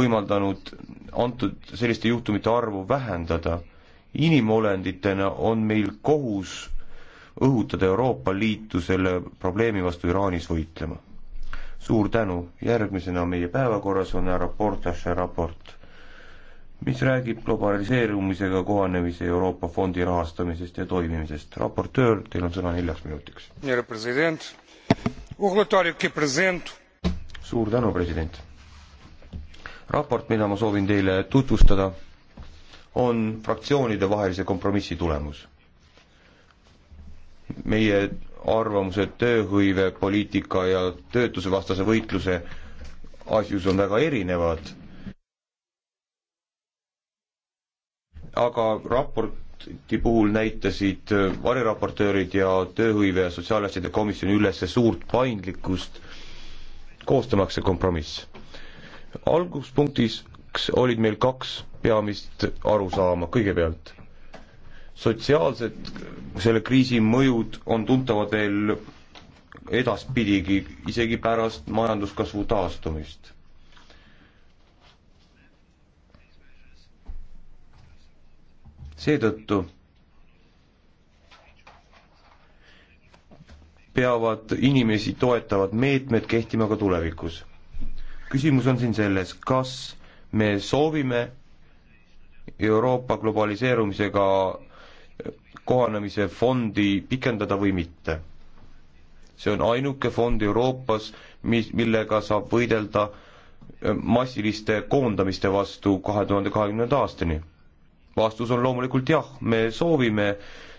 võimaldanud antud selliste juhtumite arvu vähendada. inimolenditena on meil kohus õhutada Euroopa Liitu selle probleemi vastu Iraanis võitlema. suur tänu, järgmisena meie päevakorras on raportaše raport, mis räägib globaliseerumisega kohanemise Euroopa Fondi rahastamisest ja toimimisest. raportöör, teil on sõna neljaks minutiks. suur tänu, president raport, mida ma soovin teile tutvustada, on fraktsioonide vahelise kompromissi tulemus. meie arvamused tööhõive, poliitika ja töötusevastase võitluse asjus on väga erinevad, aga raporti puhul näitasid variraportöörid ja tööhõive ja sotsiaalasjade komisjoni üles suurt paindlikkust koostamaks see kompromiss alguspunktiks olid meil kaks peamist arusaama, kõigepealt sotsiaalsed selle kriisi mõjud on tuntavad veel edaspidigi, isegi pärast majanduskasvu taastumist. seetõttu peavad inimesi toetavad meetmed kehtima ka tulevikus küsimus on siin selles, kas me soovime Euroopa globaliseerumisega kohanemise fondi pikendada või mitte. see on ainuke fond Euroopas, mis, millega saab võidelda massiliste koondamiste vastu kahe tuhande kahekümnenda aastani vastus on loomulikult jah, me soovime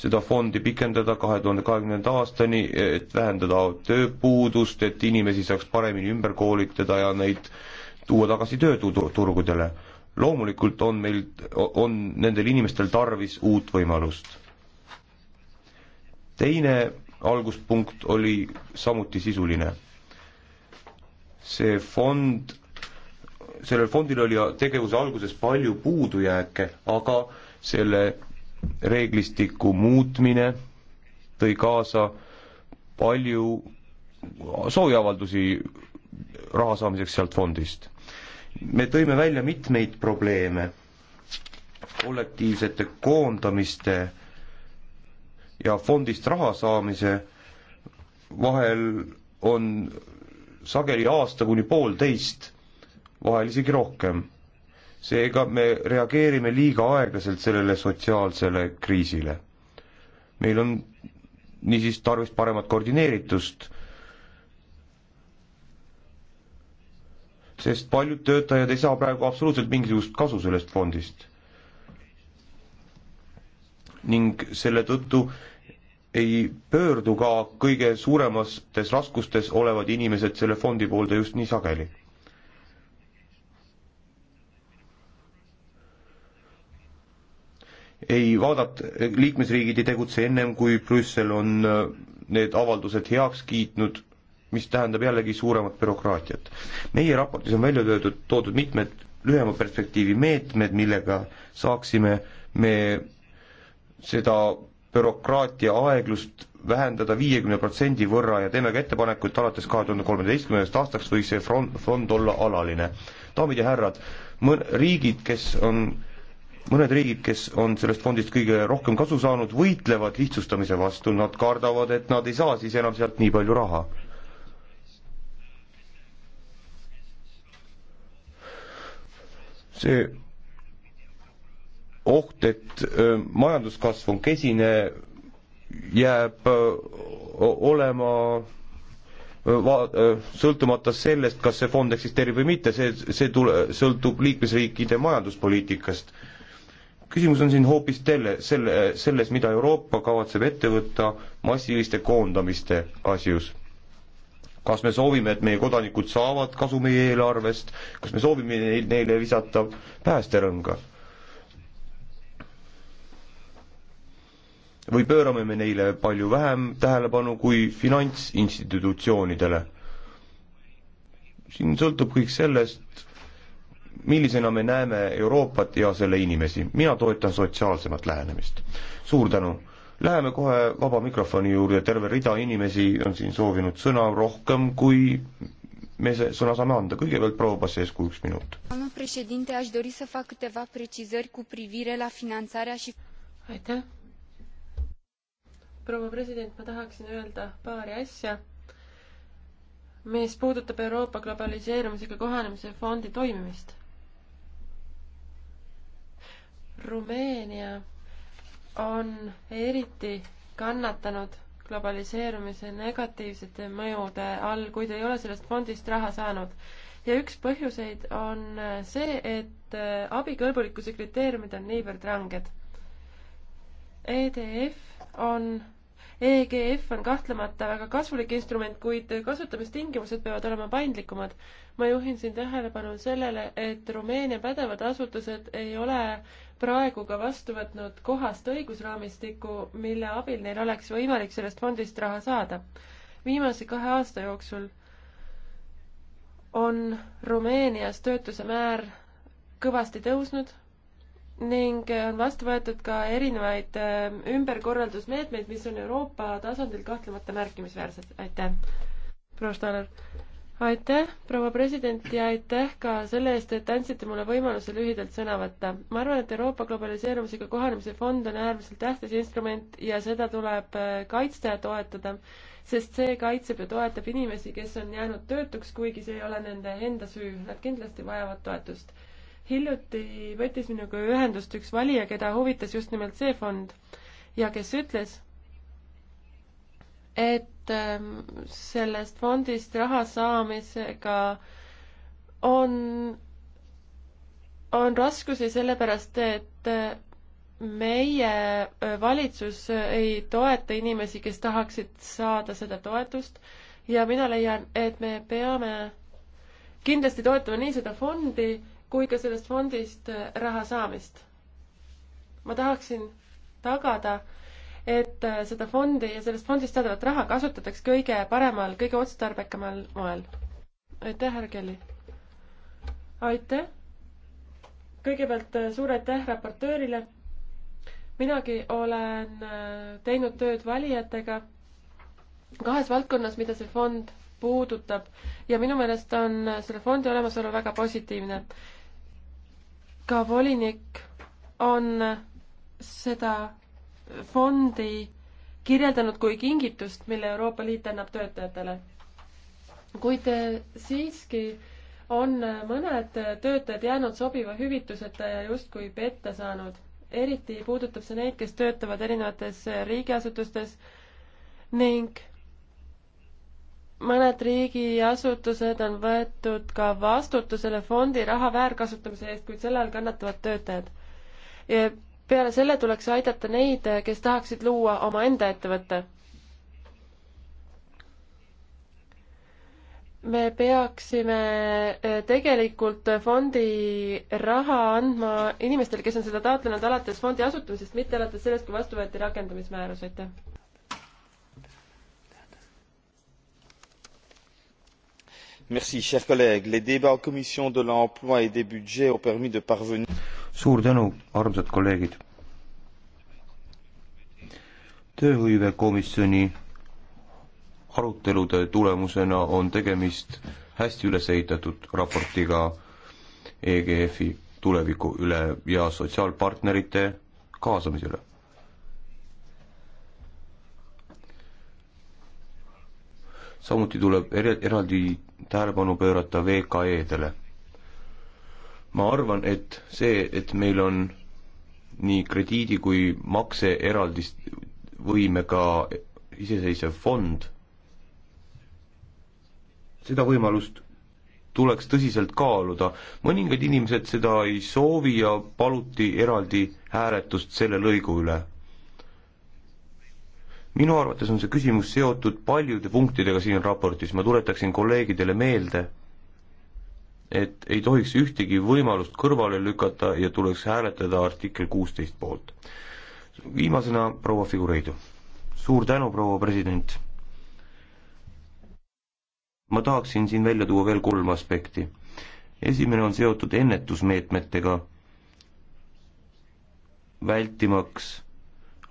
seda fondi pikendada kahe tuhande kahekümnenda aastani, et vähendada tööpuudust, et inimesi saaks paremini ümber koolitada ja neid tuua tagasi tööturgudele. loomulikult on meil, on nendel inimestel tarvis uut võimalust. teine alguspunkt oli samuti sisuline. see fond sellel fondil oli tegevuse alguses palju puudujääke, aga selle reeglistiku muutmine tõi kaasa palju sooviavaldusi raha saamiseks sealt fondist. me tõime välja mitmeid probleeme, kollektiivsete koondamiste ja fondist raha saamise vahel on sageli aasta kuni poolteist vahel isegi rohkem. seega me reageerime liiga aeglaselt sellele sotsiaalsele kriisile. meil on niisiis tarvis paremat koordineeritust, sest paljud töötajad ei saa praegu absoluutselt mingisugust kasu sellest fondist. ning selle tõttu ei pöördu ka kõige suuremates raskustes olevad inimesed selle fondi poolde just nii sageli ei vaadata, liikmesriigid ei tegutse ennem, kui Brüssel on äh, need avaldused heaks kiitnud, mis tähendab jällegi suuremat bürokraatiat. meie raportis on välja töötud, toodud mitmed lühema perspektiivi meetmed, millega saaksime me seda bürokraatia aeglust vähendada viiekümne protsendi võrra ja teeme ka ettepaneku, et alates kahe tuhande kolmeteistkümnendast aastaks võiks see front, fond olla alaline. daamid ja härrad, mõn-, riigid, kes on mõned riigid, kes on sellest fondist kõige rohkem kasu saanud, võitlevad lihtsustamise vastu, nad kardavad, et nad ei saa siis enam sealt nii palju raha. see oht, et majanduskasv on kesine, jääb olema va-, sõltumata sellest, kas see fond eksisteerib või mitte, see, see tule-, sõltub liikmesriikide majanduspoliitikast küsimus on siin hoopis telle, selle, selles, mida Euroopa kavatseb ette võtta massiliste koondamiste asjus. kas me soovime, et meie kodanikud saavad kasu meie eelarvest, kas me soovime neil, neile visata päästerõnga? või pöörame me neile palju vähem tähelepanu kui finantsinstitutsioonidele? siin sõltub kõik sellest, millisena me näeme Euroopat ja selle inimesi. mina toetan sotsiaalsemat lähenemist. suur tänu. Läheme kohe vaba mikrofoni juurde, terve rida inimesi on siin soovinud sõna rohkem, kui me see sõna saame anda. kõigepealt proua Pasescu, üks minut. aitäh. proua president, ma tahaksin öelda paari asja mis puudutab Euroopa globaliseerumisega kohanemise fondi toimimist. Rumeenia on eriti kannatanud globaliseerumise negatiivsete mõjude all, kuid ei ole sellest fondist raha saanud. ja üks põhjuseid on see, et abikõlbulikkuse kriteeriumid on niivõrd ranged. EDF on EGF on kahtlemata väga kasulik instrument, kuid kasutamistingimused peavad olema paindlikumad. ma juhin siin tähelepanu sellele, et Rumeenia pädevad asutused ei ole praegu ka vastu võtnud kohast õigusraamistikku, mille abil neil oleks võimalik sellest fondist raha saada. viimase kahe aasta jooksul on Rumeenias töötuse määr kõvasti tõusnud ning eh, on vastu võetud ka erinevaid eh, ümberkorraldusmeetmeid, mis on Euroopa tasandil kahtlemata märkimisväärsed. aitäh, proua Staler! aitäh, proua president ja aitäh ka selle eest, et andsite mulle võimaluse lühidalt sõna võtta. ma arvan, et Euroopa globaliseerumisega kohanemise fond on äärmiselt tähtis instrument ja seda tuleb eh, kaitsta ja toetada, sest see kaitseb ja toetab inimesi, kes on jäänud töötuks, kuigi see ei ole nende enda süü, nad kindlasti vajavad toetust hiljuti võttis minuga ühendust üks valija, keda huvitas just nimelt see fond ja kes ütles, et ähm, sellest fondist raha saamisega on, on raskusi sellepärast, et äh, meie äh, valitsus äh, ei toeta inimesi, kes tahaksid saada seda toetust ja mina leian, et me peame kindlasti toetama nii seda fondi kui ka sellest fondist äh, raha saamist. ma tahaksin tagada, et äh, seda fondi ja sellest fondist saadavat raha kasutataks kõige paremal, kõige otstarbekamal moel. aitäh, härra Kelly! aitäh! kõigepealt äh, suur aitäh raportöörile. minagi olen teinud tööd valijatega kahes valdkonnas, mida see fond puudutab ja minu meelest on selle fondi olemasolu väga positiivne ka volinik on seda fondi kirjeldanud kui kingitust, mille Euroopa Liit annab töötajatele. kuid siiski on mõned töötajad jäänud sobiva hüvituseta ja justkui petta saanud. eriti puudutab see neid, kes töötavad erinevates riigiasutustes ning mõned riigiasutused on võetud ka vastutusele fondi raha väärkasutamise eest, kuid selle all kannatavad töötajad. peale selle tuleks aidata neid, kes tahaksid luua omaenda ettevõtte. me peaksime eh, tegelikult fondi raha andma inimestele, kes on seda taotlenud alates fondi asutamisest, mitte alates sellest, kui vastu võeti rakendamismäärus, aitäh. chers collègues les débats en commission de l'emploi et des budgets ont permis de parvenir. suur tänu armsad kolleegid tööhõivekomisjoni arutelude tulemusena on tegemist hästi üles ehitatud raportiga EGF-i tuleviku üle ja sotsiaalpartnerite kaasamise üle. samuti tuleb eraldi tähelepanu pöörata VKE-dele. ma arvan, et see, et meil on nii krediidi kui makseeraldist võimega iseseisev fond, seda võimalust tuleks tõsiselt kaaluda. mõningad inimesed seda ei soovi ja paluti eraldi hääletust selle lõigu üle minu arvates on see küsimus seotud paljude punktidega siin raportis, ma tuletaksin kolleegidele meelde, et ei tohiks ühtegi võimalust kõrvale lükata ja tuleks hääletada artikkel kuusteist poolt. viimasena proua Figureidu. suur tänu, proua president! ma tahaksin siin välja tuua veel kolm aspekti. esimene on seotud ennetusmeetmetega, vältimaks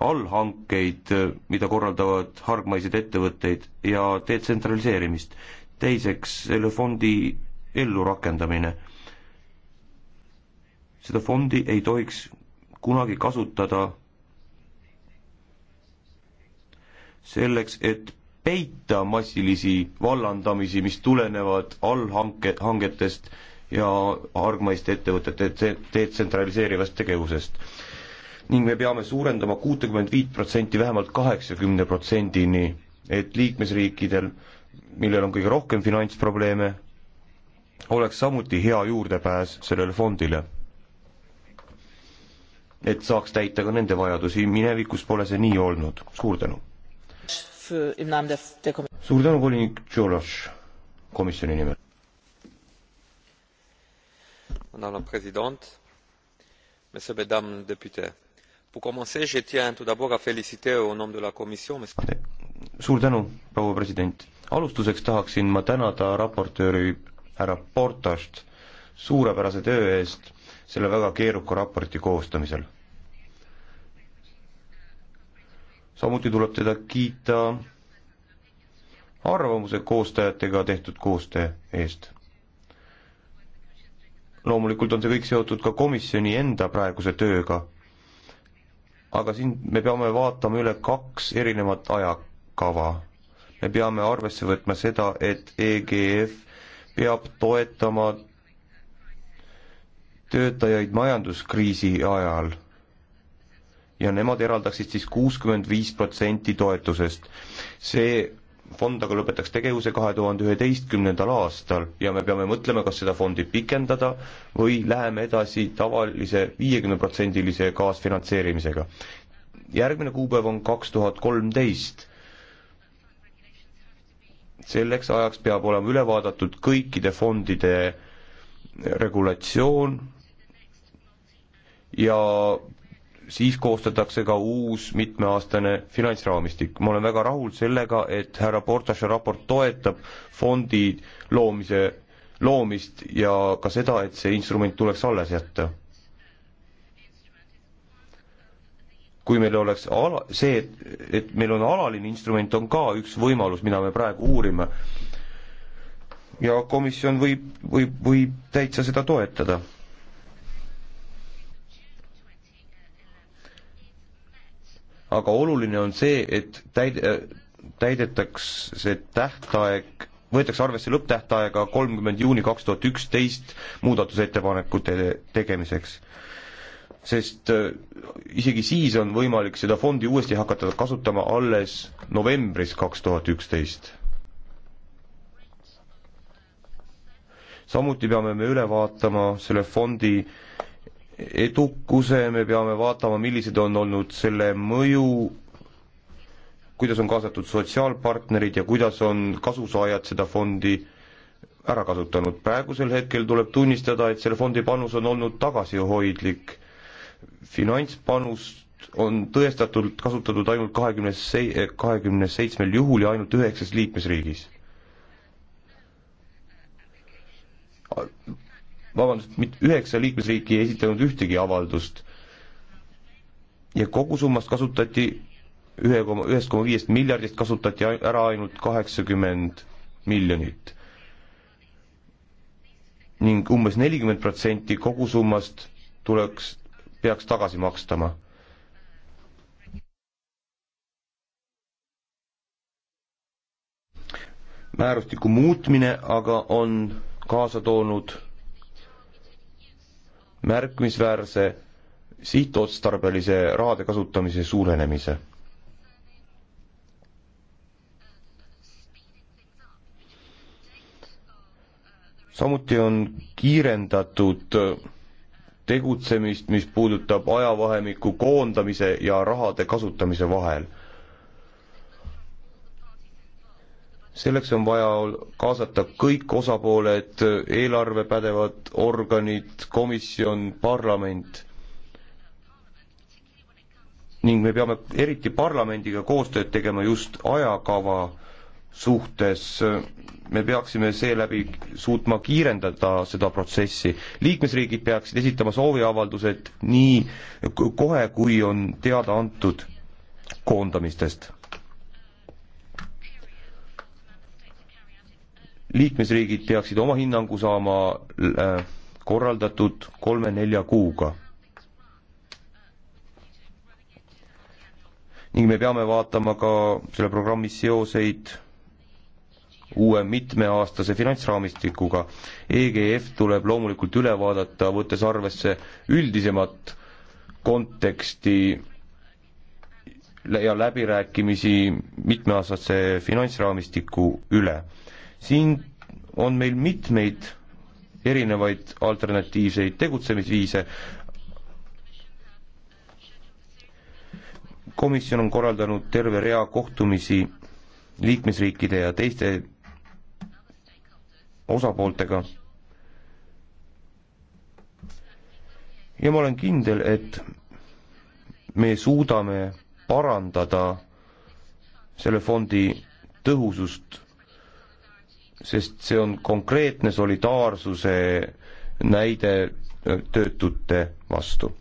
allhankeid, äh, mida korraldavad hargmaised ettevõtteid ja detsentraliseerimist. teiseks, selle fondi ellurakendamine. seda fondi ei tohiks kunagi kasutada selleks, et peita massilisi vallandamisi, mis tulenevad allhanke, hangetest ja hargmaiste ettevõtete detsentraliseerivast tegevusest ning me peame suurendama kuutekümmend viit protsenti vähemalt kaheksakümne protsendini, et liikmesriikidel, millel on kõige rohkem finantsprobleeme, oleks samuti hea juurdepääs sellele fondile. et saaks täita ka nende vajadusi, minevikus pole see nii olnud, suur tänu. suur tänu, volinik Tšološ, komisjoni nimel. Madame la Présidente, Messieurs, Mesdames, députés pour commencer je tiens tout d'abord à féliciter au nom de la commission mes... suur tänu, proua president. alustuseks tahaksin ma tänada raportööri härra Portast suurepärase töö eest selle väga keeruka raporti koostamisel. samuti tuleb teda kiita arvamuse koostajatega tehtud koostöö eest. loomulikult on see kõik seotud ka komisjoni enda praeguse tööga aga siin me peame vaatama üle kaks erinevat ajakava. me peame arvesse võtma seda, et EGF peab toetama töötajaid majanduskriisi ajal ja nemad eraldaksid siis kuuskümmend viis protsenti toetusest. see fond aga lõpetaks tegevuse kahe tuhande üheteistkümnendal aastal ja me peame mõtlema, kas seda fondi pikendada või läheme edasi tavalise viiekümneprotsendilise kaasfinantseerimisega. järgmine kuupäev on kaks tuhat kolmteist. selleks ajaks peab olema üle vaadatud kõikide fondide regulatsioon ja siis koostatakse ka uus mitmeaastane finantsraamistik. ma olen väga rahul sellega, et härra Portaše raport toetab fondi loomise, loomist ja ka seda, et see instrument tuleks alles jätta. kui meil oleks ala, see, et, et meil on alaline instrument, on ka üks võimalus, mida me praegu uurime. ja komisjon võib, võib, võib täitsa seda toetada aga oluline on see, et täid-, äh, täidetaks see tähtaeg, võetakse arvesse lõpptähtaega kolmkümmend juuni kaks tuhat üksteist muudatusettepanekute tegemiseks. sest äh, isegi siis on võimalik seda fondi uuesti hakata kasutama alles novembris kaks tuhat üksteist. samuti peame me üle vaatama selle fondi edukuse, me peame vaatama, millised on olnud selle mõju, kuidas on kaasatud sotsiaalpartnerid ja kuidas on kasusaajad seda fondi ära kasutanud. praegusel hetkel tuleb tunnistada, et selle fondi panus on olnud tagasihoidlik. finantspanust on tõestatult kasutatud ainult kahekümne sei-, kahekümne seitsmel juhul ja ainult üheksas liikmesriigis vabandust, mitte üheksa liikmesriiki ei esitanud ühtegi avaldust. ja kogusummast kasutati ühe koma, ühest koma viiest miljardist kasutati ära ainult kaheksakümmend miljonit. ning umbes nelikümmend protsenti kogusummast tuleks, peaks tagasi makstama. määrustiku muutmine aga on kaasa toonud märkimisväärse sihtotstarbelise rahade kasutamise suurenemise. samuti on kiirendatud tegutsemist, mis puudutab ajavahemikku koondamise ja rahade kasutamise vahel selleks on vaja kaasata kõik osapooled, eelarvepädevad organid, komisjon, parlament. ning me peame eriti parlamendiga koostööd tegema just ajakava suhtes, me peaksime seeläbi suutma kiirendada seda protsessi. liikmesriigid peaksid esitama sooviavaldused nii kohe, kui on teada antud koondamistest liikmesriigid peaksid oma hinnangu saama äh, korraldatud kolme-nelja kuuga. ning me peame vaatama ka selle programmi seoseid uue mitmeaastase finantsraamistikuga. EGF tuleb loomulikult üle vaadata, võttes arvesse üldisemat konteksti ja läbirääkimisi mitmeaastase finantsraamistiku üle siin on meil mitmeid erinevaid alternatiivseid tegutsemisviise. komisjon on korraldanud terve rea kohtumisi liikmesriikide ja teiste osapooltega. ja ma olen kindel, et me suudame parandada selle fondi tõhusust sest see on konkreetne solidaarsuse näide töötute vastu.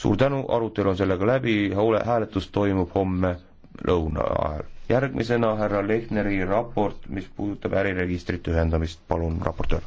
suur tänu, arutelu on sellega läbi, hääletus toimub homme lõuna ajal. järgmisena härra Lehneri raport, mis puudutab äriregistrite ühendamist, palun, raportöör.